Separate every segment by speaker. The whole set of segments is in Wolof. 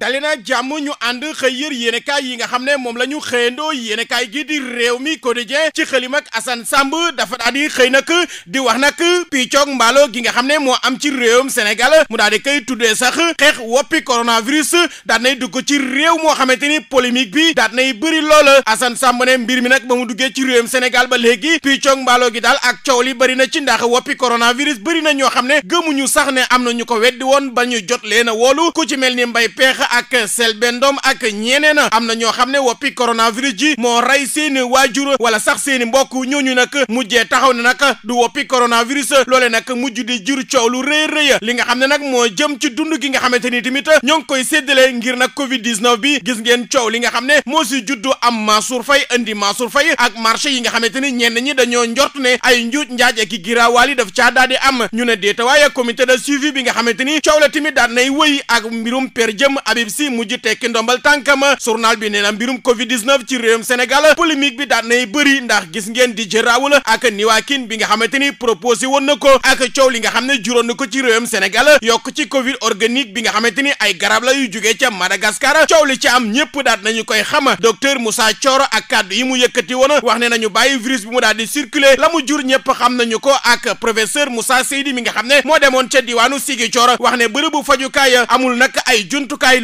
Speaker 1: dali na jàmm ñu ànd xëy yër yéenekaay yi nga xam ne moom la ñu xëyandoo yéenekaay gi di réew mi quotidien ci xëlim ak Assane Samb dafa daal xëy nag di wax nag piccoog mbaalo gi nga xam ne moo am ci réewum Sénégal mu daal di koy tuddee sax xeex woppi coronavirus daal nay dugg ci réew moo xamante ni polémique bi daal nay bëri loola Assane Samb ne mbir mi nag ba mu duggee ci réewum Sénégal ba léegi piccoog mbaalo gi daal ak coow li bëri na ci ndax woppi coronavirus bëri na ñoo xam ne gëmuñu sax ne am na ñu ko weddi woon ba ñu jot leen a woolu ku ci mel ni Mbaye Peex ak Selbé Ndom ak ñeneen am na ñoo xam ne woppi coronavirus ji moo rey seeni waajur wala sax seeni mbokk ñooñu nag mujjee taxaw ne nag du woppi coronavirus loole nag mujj di jur coow lu rëy rëy li nga xam ne nag moo jëm ci dund gi nga xamante ni tamit ñoo ngi koy séddale ngir nag Covid bi gis ngeen coow li nga xam ne moo si juddu am Mansour fay indi Mansour fay ak marché yi nga xamante ni ñenn ñi dañoo njort ne ay njuuj njaaj ak giraawaal yi daf caa daal di am ñu ne déeta waaye comité de bi nga xamante ni coow la tamit daan nay wëy ak mbirum per jëm Habib Sy mujj tekki ndombal tànkam journal bi nee na mbirum Covid ci réewum Sénégal polémique bi daan nay bëri ndax gis ngeen di jëraawul ak niwaakin bi nga xamante ni proposé woon na ko ak coow li nga xam ne juróon na ko ci réewum Sénégal yokk ci Covid organique bi nga xamante ni ay garab la yu jugee ca Madagascar coow li ci am ñëpp daat nañu koy xam docteur Moussa Thioro ak kàddu yi mu yëkkati woon wax ne nañu bàyyi virus bi mu daal di circuler la mu jur ñëpp xam nañu ko ak mi nga xam ne moo demoon ca diwaanu Ziguinchor wax ne bërëbu fajukaay amul nag ay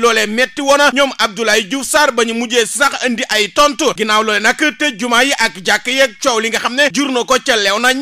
Speaker 1: loolee metti woon ñoom Abdoulaye Diouf saar ba ñu mujjee sax indi ay tontu ginnaaw loole nag tëj jumaa yi ak jàkk yeeg coow li nga xam ne jur na ko ca lew na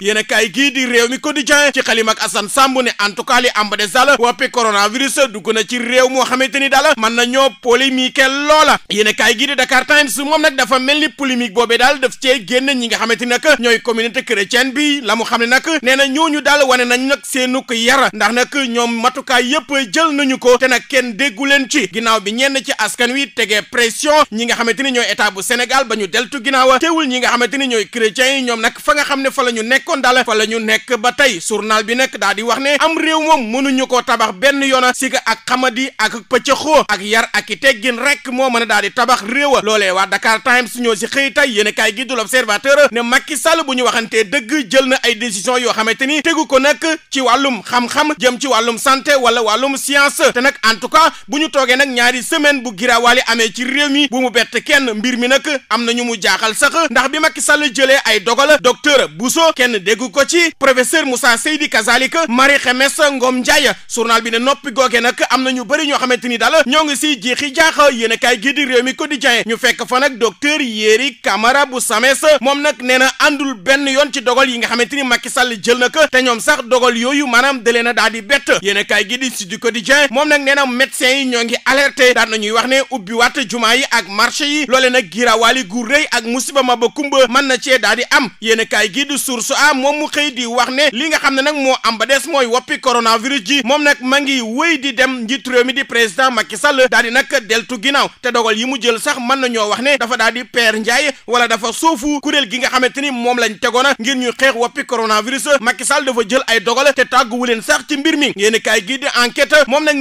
Speaker 1: yéen a kaay gii di réew mi quotidien ci xalim ak Assane Samb ne en tout cas li am ba des daal woppi coronavirus dugg na ci réew moo xamante ni daal mën nañoo polémique loola yéen a kaay gii di Dakar Times moom nag dafa mel ni polémique boobee daal def cee génn ñi nga xamante ni nag ñooy communauté chrétienne bi la mu xam ne nag nee na ñooñu daal wane nañ nag seenu ko yara ndax nag ñoom matukaay yëpp jël nañu ko nag kenn déggu yóbbu leen ci ginnaaw bi ñenn ci askan wi tegee pression ñi nga xamante ni ñooy état bu Sénégal ba ñu deltu ginnaaw teewul ñi nga xamante ni ñooy chrétiens yi ñoom nag fa nga xam ne fa la ñu nekkoon daal fa la ñu nekk ba tey journal bi nag daa di wax ne am réew moom mënuñu ko tabax benn yoon si ka ak di ak pëccëxoo ak yar ak i teggin rek moo mën a daa di tabax réew loole waa Dakar Times ñoo si xëy tey yéen a kaay gi du l'Observateur ne Macky Sall bu ñu waxantee dëgg jël na ay décision yoo xamante ni tegu ko nag ci wàllum xam jëm ci wàllum santé wala wàllum science nag en tout cas bu ñu toogee nag ñaari semaine bu giraawaali amee ci réew mi bu mu bett kenn mbir mi nag am na ñu mu jaaxal sax ndax bi Macky Sall jëlee ay dogal docteur Bousso kenn dégg ko ci professeur Moussa Seydi kazalika Marie Xemes Ngom Ndiaye journal bi ne noppi googe nag am na ñu bëri ñoo xamante ni daal ñoo ngi si jeexi jaaxa yéen a kaay gii di réew mi quotidien ñu fekk fa nag docteur Yéri Camara bu Sames moom nag nee na àndul benn yoon ci dogal yi nga xamante ni Macky Sall jël na ko te ñoom sax dogal yooyu maanaam da leen daal di bett yéen a kaay gii di Sud Quotidien moom nag nee yi yi ñoo ngi alerté daan nañuy wax ne ubbi waat jumaa yi ak marché yi loole nag girawaali gu rëy ak musiba ma ba kumba mën na cee daal di am yéen kaay gii di a moom mu xëy di wax ne li nga xam ne nag moo am ba des mooy woppi coronavirus ji moom nag ma ngi wéy di dem njiitu réew mi di président Macky Sall daal di nag deltu ginnaaw te dogal yi mu jël sax na ñoo wax ne dafa daal di peer njaay wala dafa suufu kuréel gi nga xamante ni moom lañ tegoona ngir ñu xeex woppi coronavirus Macky Sall dafa jël ay dogal te tàgguwu leen sax mbir mi yéen kaay gii di enquête moom nag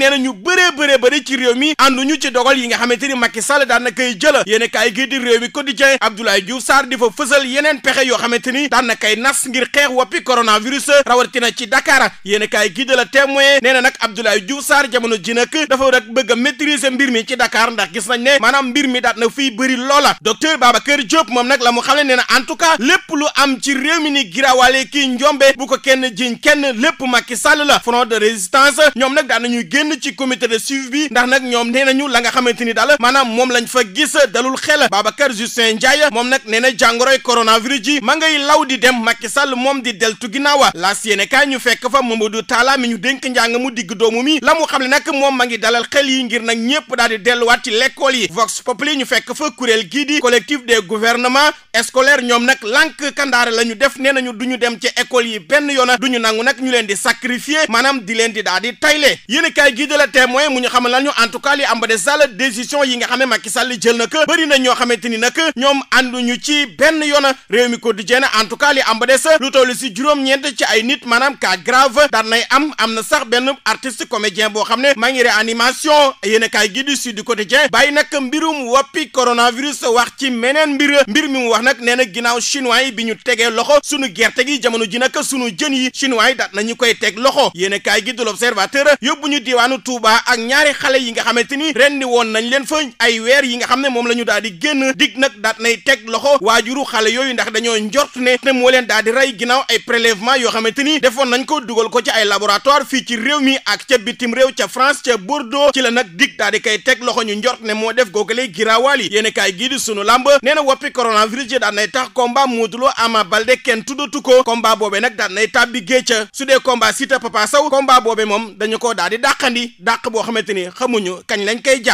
Speaker 1: bëri ci réew mi ànduñu ci dogal yi nga xamante ni Macky daan na koy jëla yéen kaay réew mi quotidien Abdoulaye Diouf Sarr di fa fësal yeneen pexe yoo xamante daan na koy nas ngir xeex woppi coronavirus rawatina ci Dakar yéen kaay gii di la témoin nee na nag Abdoulaye Diouf Sarr jamono ji dafa rek bëgg a maîtriser mbir mi ci Dakar ndax gis nañ ne maanaam mbir mi daan na fiy bëri loola docteur Babacar Diop moom nag la mu xam ne nee na en tout cas kenn jiñ kenn la de résistance ñoom nag daan nañuy génn ci bi ndax nag ñoom nee nañu la nga xamante ni daal moom lañ fa gis dalul xel Babacar Justin Ndiaye moom nag nee na jàngoroy coronavirus ji ma ngay law di dem Macky Sall moom di deltu ginnaawa laas yéene kaay ñu fekk fa Mamadou Talla mi ñu dénk njàng mu digg doomu mi la mu xam ne nag moom ma ngi dalal xel yi ngir nag ñëpp daal di delluwaat ci l'école yi Vox Populi ñu fekk fa kuréel gii di collectif des gouvernements scolaires ñoom nag lànk kandaare la ñu def nee nañu du ñu dem ci école yi benn yoon du ñu nangu nag ñu leen di sacrifier maanaam di leen di daal di tayle yéene kaay gii de xamal ñu en tout cas li am ba des daal décision yi nga xam ne Macky jël na ko bëri na ñoo xamante ni nag ñoom ànduñu ci benn yoon réew mi quotidien en tout cas li am ba des lu toll si juróom-ñeent ci ay nit maanaam cas grave daan am am na sax benn artiste comédien boo xam ne maa ngi réanimation yéen a kaay gi du Sud Quotidien bàyyi nag mbirum woppi coronavirus wax ci meneen mbir mbir mi mu wax nag nee na ginnaaw chinois bi ñu tegee loxo sunu gerte gi jamono ji nak sunu jën yi chinois yi daan nañu koy teg loxo yéen a kaay gi du L'Observateur yóbbu ñu diwaanu Touba xale yi nga xamante ni rendi woon nañ leen fa ay weer yi nga xam ne moom la ñu daal di génn dig nag daat nay teg loxo waajuru xale yooyu ndax dañoo njort ne ne moo leen daal di rey ginnaaw ay prélèvement yoo xamante ni defoon nañ ko dugal ko ci ay laboratoire fii ci réew mi ak ca bitim réew ca France ca Bordeaux ci la nag dig daal di koy teg loxo ñu njort ne moo def googale giraawaal yi yéen kaay gii di sunu làmb nee na woppi coronavirus ji daan nay tax combat Modou Lo Ama Baldé kenn tuddatu ko combat boobee nag daan nay tàbbi géej su dee combat Siteu Papa Sow combat boobee moom dañu ko daal di dàqandi dàq boo xamante ni xamuñu kañ lañ koy jàpp